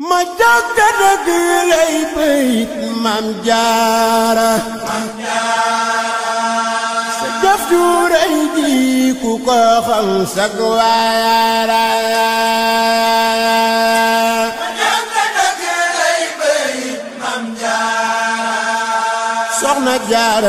ma jàkka dëgg lay bayit maam jaara sa jëf ju rëy ji ku ko xam sag waayaara ma jàkka dëgg lay bayit maam jaara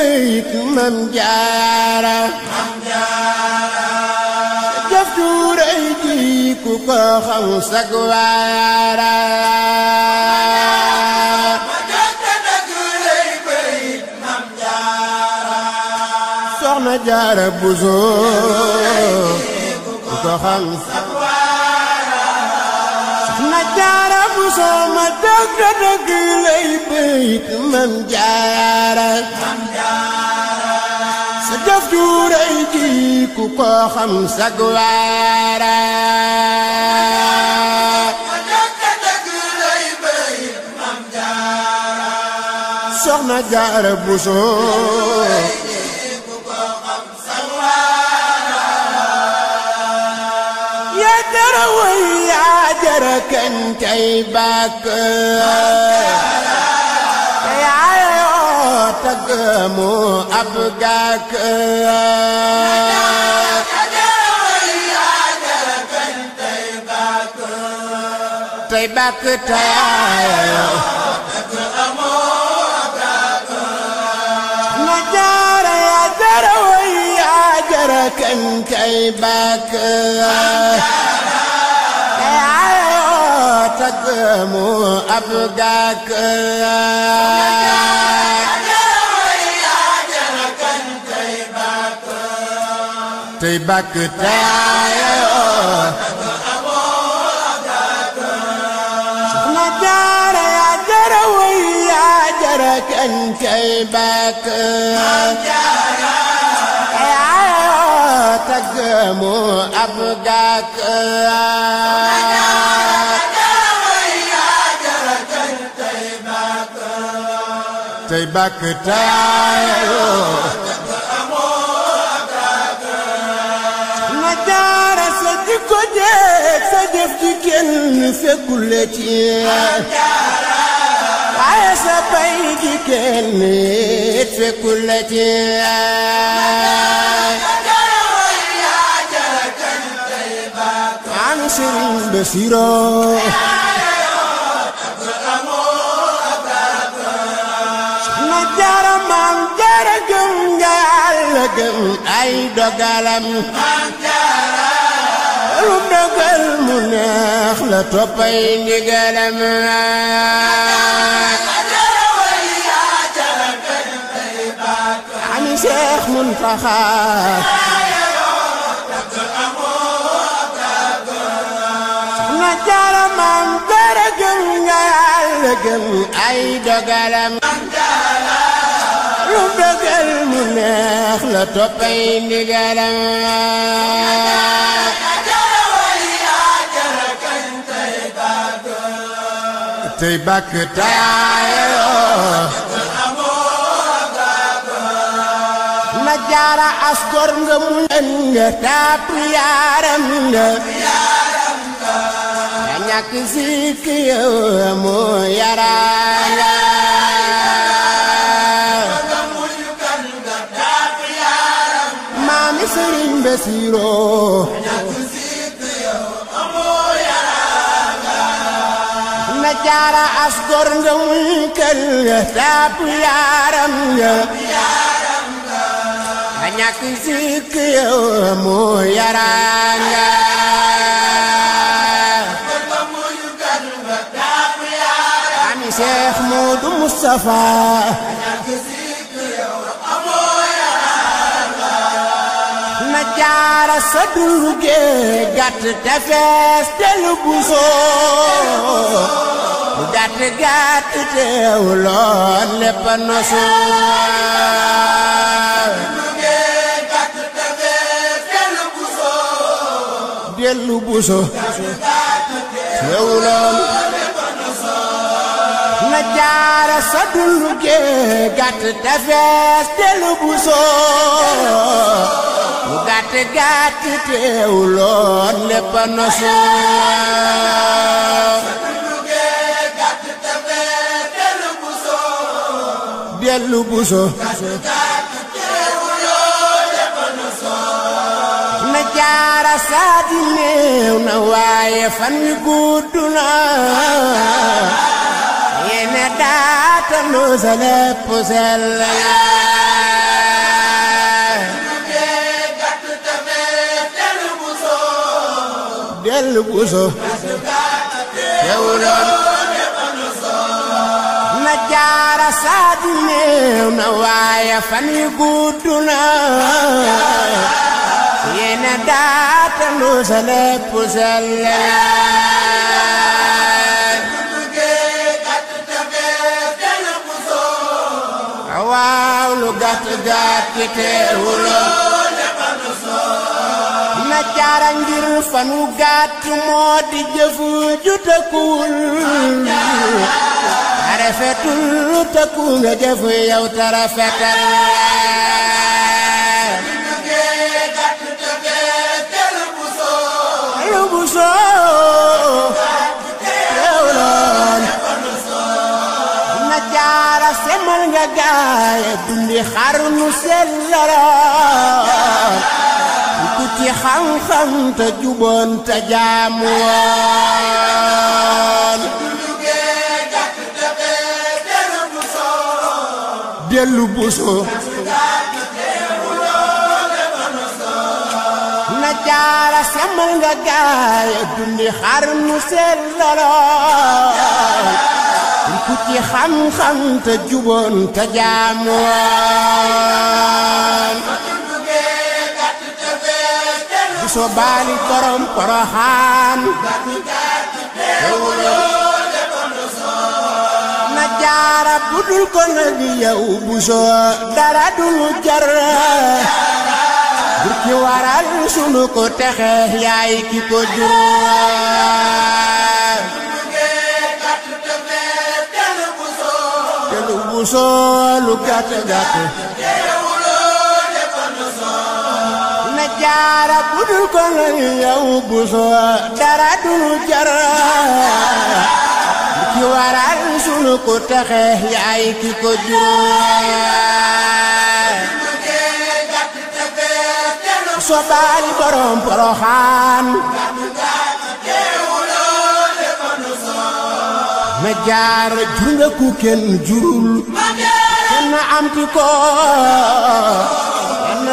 bayit mam jaara ku ko xam sag bu sama dëgg dëgg lay béy Mam Jaara sa jëf ju rëy ji ku ko xam sag waara Soxna Jaara Buso ترى ويا عادرك انت يباك يا عيوتك مو أبقاك طيبك تايا نجار يا دروي يا جرك انت عيبك خادم أبقاك طيبك تايا شفنا دار يا دروي يا جرك انت يباك تقمو ابقاك baktaayoo ko jeeg sa jëf ji kenn fekkule ci waaye sa pay ji kenn fekkule ci am Sëriñ Basiru ëllëgëm ay dogalam lu dogal mu neex la toppay ndigalam ami Seex Muntaxa na jaram am dara gëm nga ëllëgëm ay dogalam lu bëggal mu neex la toppay ndigalam tey bàkk taayoo na jaara as gor nga mu len nga taatu yaaram nga ñàkk sikk yow moo yaraanga sëriñ Basiiroo na jaara as gor nga muy kër nga saabu yaaram nga na ñàkk sikk yow moo yaraa nga am Cheikh Modou Moustapha jaara na jaara sa dul gee gàtt te fees dellu lu gàtt gàtt teewuloon lépp a nosu dellu buso na jaara saadi néew na waaye fan wi gudd na yéen a daata nu sa lépp sell Fàllu Buso na jaara saadi néew na waaye fan yi gudd na yéena daata nu sa lépp sell waaw lu gàtt gàtt teewuloo jaara ngir fanu gàtt moo di jëf ju tëkkuwul a rafetul lu tëkku nga jëf yow te rafetal lu bu soo teewloon na jaara semal nga gaaya dundi xar nu sellala ci xam-xam te juboon te jaamuwoon dellu buso na jaara sama nga gaaya dundi xar mu seet ku ci xam-xam te juboon te jaamuwoon subaali borom poroxaan na jaara budul ko na gi yow bu soo dara dulu jar bu ci waral sunu ko texe yaay ki ko juróom te lu bu lu gàtt gàtt jaara ku dul ko lay yow bu soo dara du jara ki waral sunu ko texe yaay ki ko juróom soo baali borom poroxaan ma jaar jur nga ku kenn jurul kenn amti ko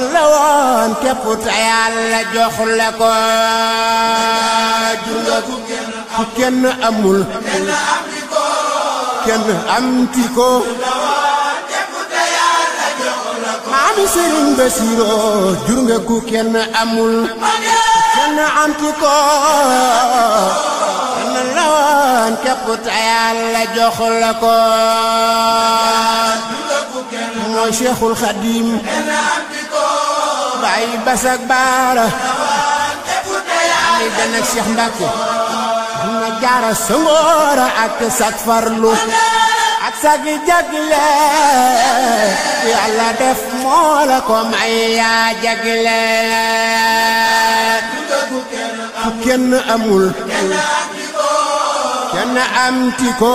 la woon képp te yàlla jox la ko jula ku kenn amul kenn amti ko maam Sëriñ Basiru jur nga ku kenn amul kenn amti ko kon képp te yàlla jox la ko mooy Cheikhul Khadim bay basak baara ni danak Cheikh Mbacké dina jaara sangoora ak sak farlu ak sak jagle yàlla def moo ko may yaa jagle kenn amul kenn am ti ko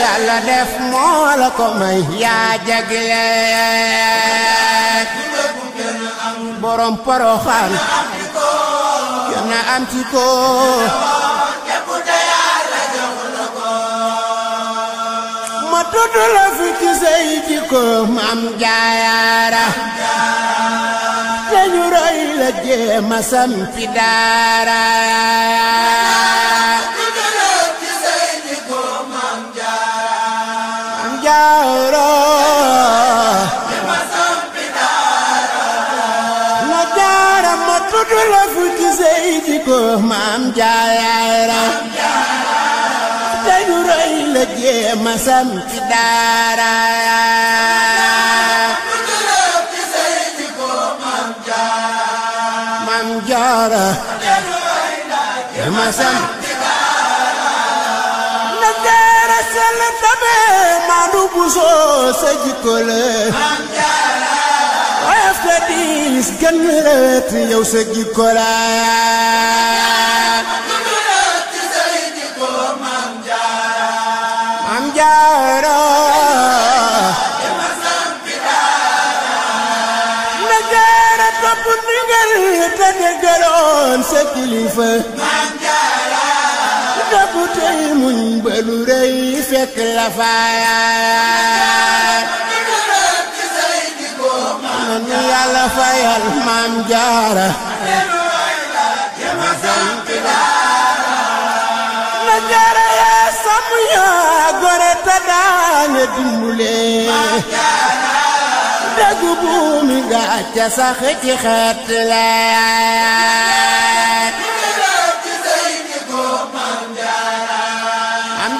yàlla def moo ko may yaa jagle borom poroxaan kenn am ci ko ma tudd la fi ci say jikko maam jaayaara te ñu roy la jéema sam fi daara maam jaayaara dañu rëy la jéema sam ci daara maam jaara maam jaara buso sa jikko la woyof te diis gën rëwet yow sa jikko la Maam Jaara na jaara topp ndigal te dëggaloon sa kilifa dogu tey muñ ba lu rëy fekk la faayaat man yàlla fayal maam jaara na jaara yaa sam yaa gore ta daane dimbulee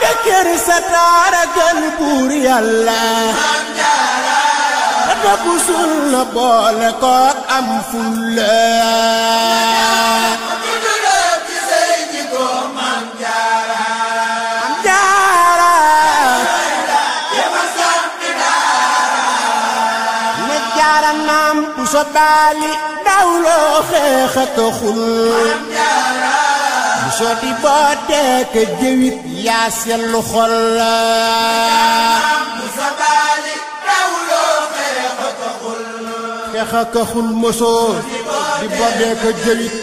te kër sa taara gën buur yàlla te dëggu sul na boole kook am fulla naam bu sa baali dawloo xeex ak xul soti boo dee ka jëwit yaa sellu xol kexa ka xul mosoo di boo dee ka jëwit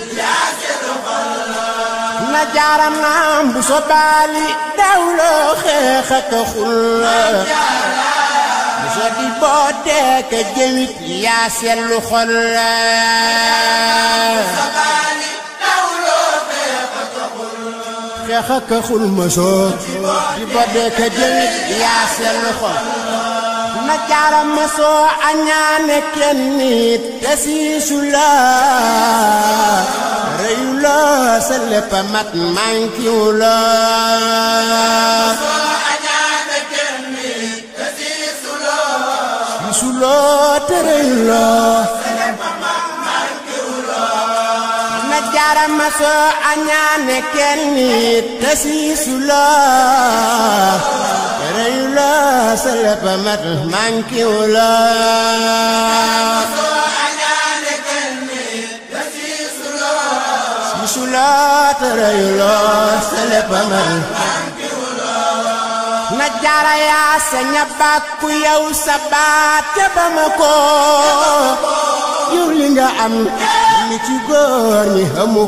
na jaaram naam bu so baali dawloo xeexa ka xul bu so di boo dee ka jëwit yaa sellu xol neexa ka xul ma soor di bodde ka jëwit yaa sell xol na jaara ma soo añaane kenn nit te siisu la reyu la sa lépp a mat mankiw la siisu la te reyu la dara ma soo añaane kenn it te siisu loo reyu loo sa lépp mat mankiw loo na jara yaa sa ña bàkku yow sa baat te ba ma ko jur li nga am li ci góor ñi xamu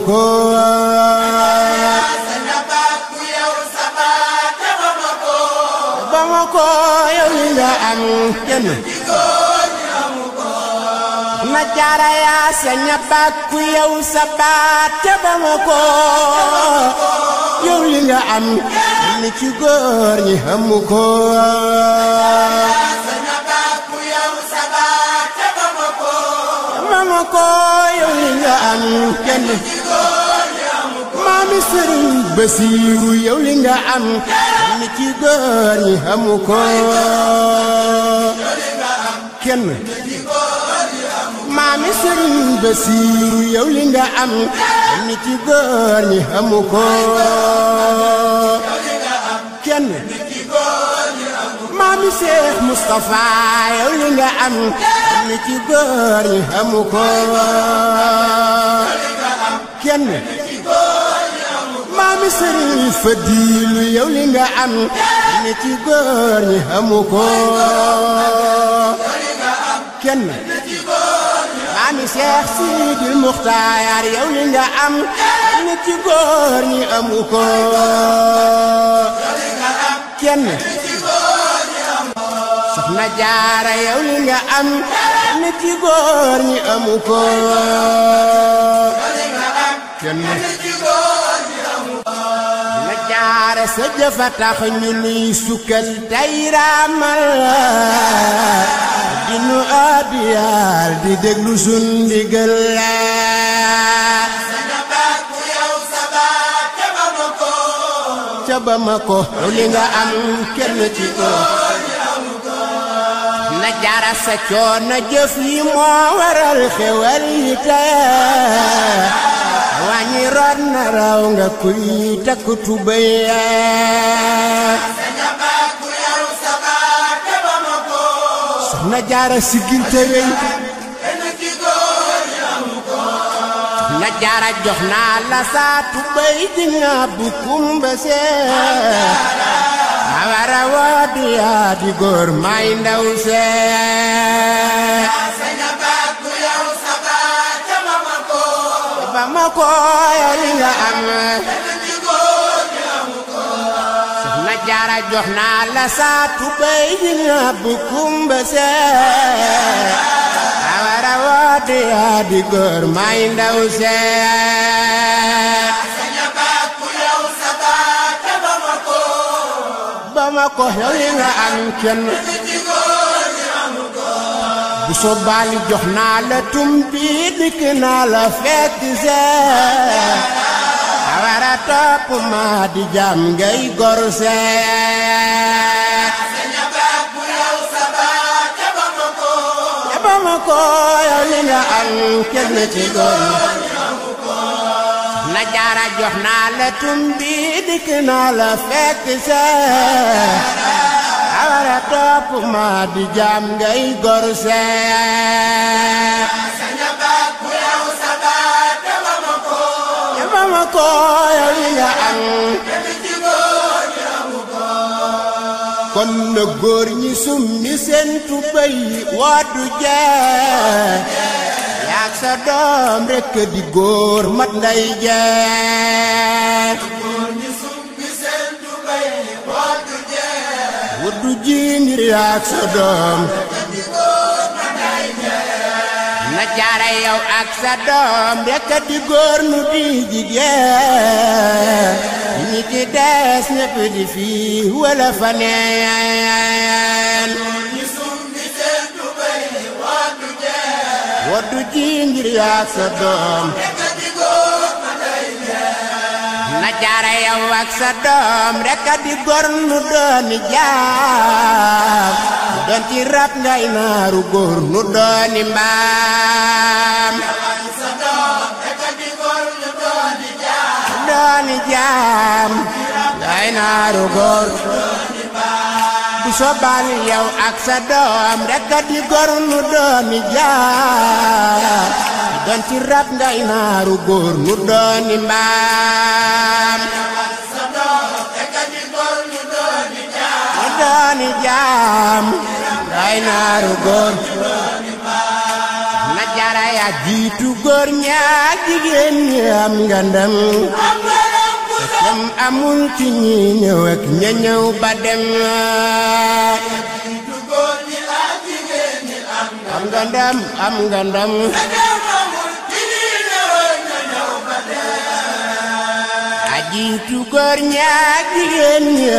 amu ko yow li am mi ci góor ñi amu ko kenn maami yow li am mi ci góor ñi maami Seex Mustapha yow li nga am li ci góor yi amu ko kenn maami Sëriñ Fadilu yow li nga am li ci góor yi amu ko kenn maami Seex Sidil Muxtaar yow li nga am li ci góor yi amu ko kenn na jaara yow li nga am nit yi góor ñi amu ko kenn na jaara sa jëfa tax ñu nuy sukkal tey raamal di nu abiyaal di déglu sun ndigal ca ba ma ko li nga am kenn ci ko jara sa coono jëf yi moo waral xewal yi tey wàññi ron na raw nga kuy takk tubay soxna jaara siggin te rëy na jaara jox naa la saa di nga bu kumba see awara woo di yaa may ndaw see ba ma ko yow li nga am soxna jaara jox naa la saa di yaa may ndaw see ma ko yow yi nga am kenn bu sobaali jox naa la tumbi dikk naa la fekk see awara topp ma di jam ngay gor see ba ma ko yow li nga am kenn ci góor soxna jaara jox naa la tumbi dikk fekk see awara topp ma di jaam ngay gor see saña baat bu yaw sa baat dafa ma ko dafa ma ko yow li nga am kon na góor ñi summi seen tubéy waa du jee sa doom rekk di góor mat nday jeex wuddu ji ngir yaak sa doom na jaara yow ak sa doom rekk di góor nu di jigéen ñi ci des ñépp di fii wala fa nee waddu ji ngir yaa sa doom na jaara yow ak sa doom rek a di góor nu dooni nu doon ci rab ngay naaru góor nu dooni mbaam dooni jaam ngay naaru góor ci sobal yow ak sa doom rek di góor nu doomi jaar doon ci rab ngay naaru góor nu dooni mbaam sa doom rek di góor nu dooni jaar nu dooni jaam ngay naaru góor na jara ya jiitu góor ñaa jigéen ñi am ngandam ndam amul ci ñi ñëw ak ña ñëw ba dem am nga am nga ajiitu góor ñaak jigéen ñi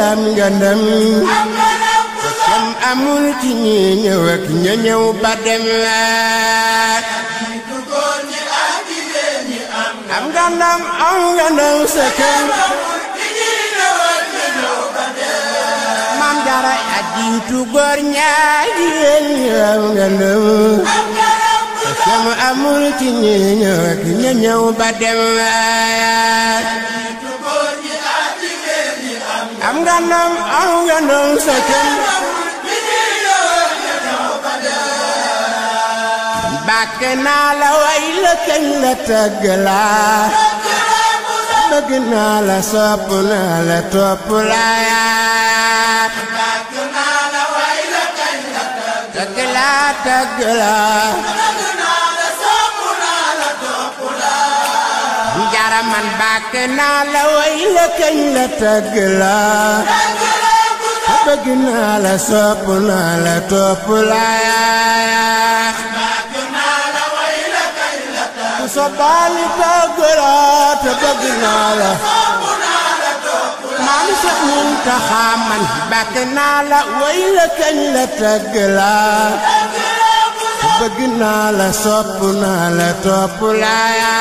am amul ci ñi ñëw ak ña ñëw nga ndam am nga ndaw sa kër maam jaara ak jiitu góor ñaar am nga ndaw sama amul ci ñi ñëw ak am nga ndam am nga ndaw sa kër Mbàkke naa la way la kañ la naa la sopp naa la topp naa la way naa la sopp sa baali tàggaraat te bëgg naa la maam sa Muntaxa man bàkk naa la way la kañ la tàggalaat bëgg naa la sopp naa la topp laa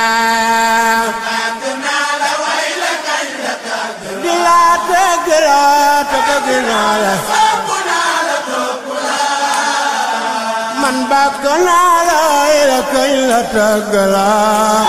bàkk naa la way la kañ la tàggalaat te bëgg naa la man bëgg naa la ila kañ la tàgg laa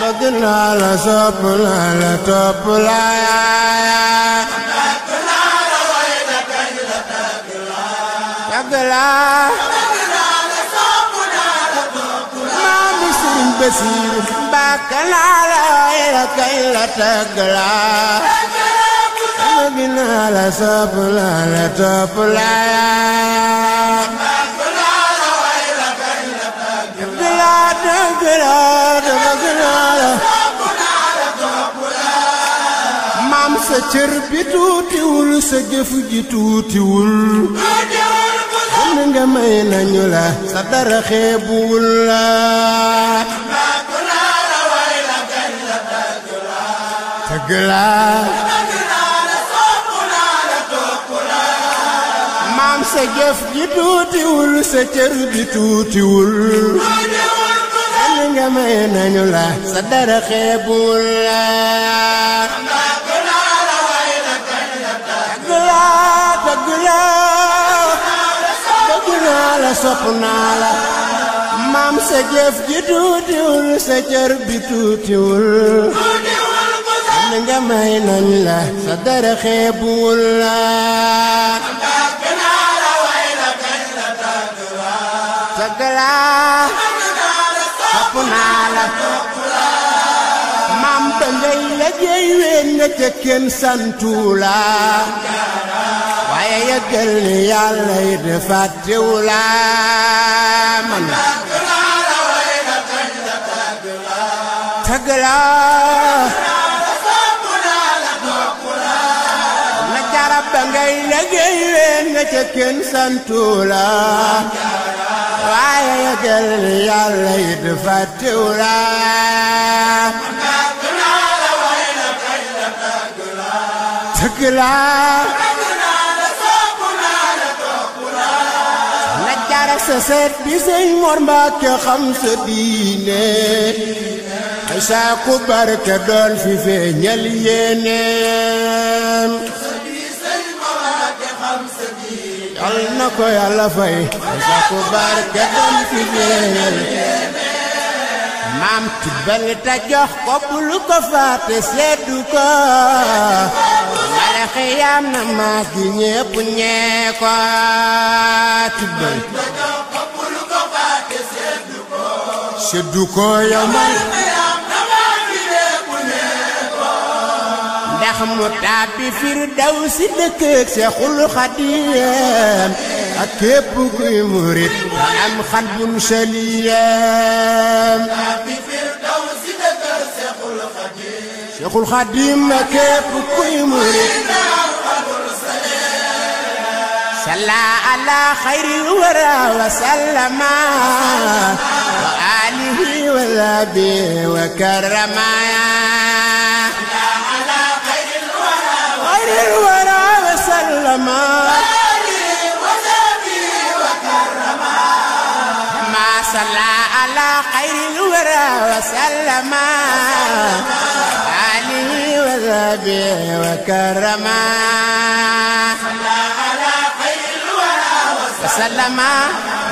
bëgg naa la sopp naa la topp laa yaaya bëgg naa la ila kañ la tàgg laa tàgg laa bëgg naa la sopp naa la topp laa maami Sëriñ Basiiru bëgg naa la ila kañ la tàgg laa bëgg naa la sopp naa la topp laa sa cër bi tuutiwul sa jëf ji tuutiwul mun nga may nañu la sa dara xeebuwul la tëgg laa sa jëf ji tuutiwul sa cër bi tuutiwul nga may nañu la sa dara xeebul la sopp naa maam sa ji tuutiwul sa cër bi tuutiwul li nga may nañ la sa dara xeebuwul la tàgg naa la sopp naa la maam ba ngay dajey ween na ca kenn santuula waaye yëggal ni yàlla yi defaat teewula man tagla na jarab ba ngay dajey ween na ca kenn santuula waaye yëggal ni yàlla yi defaat teewula ثقلا سسر بزي مرماك خمس دينار عساكو بركة دول في فين الينام يالنا كو يالا فاي عساكو بركة دول في فين الينام مام تبالي تجوح قبل كفات سيدوكا xiyam na maas gi ñépp ñee ko tibbal seddu ko yomal ndax mu tàbbi firdawsi dëkk ak Seexul Xadiim ak képp kuy murit am xalbun saliim شيخ ما كيف كيمري صلى على خير الورى وسلم وآله وذابه وكرم صلى على خير الورى صلى على خير الورى وسلم وعز به وكرما صلى على خير الورى وسلم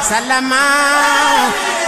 سلم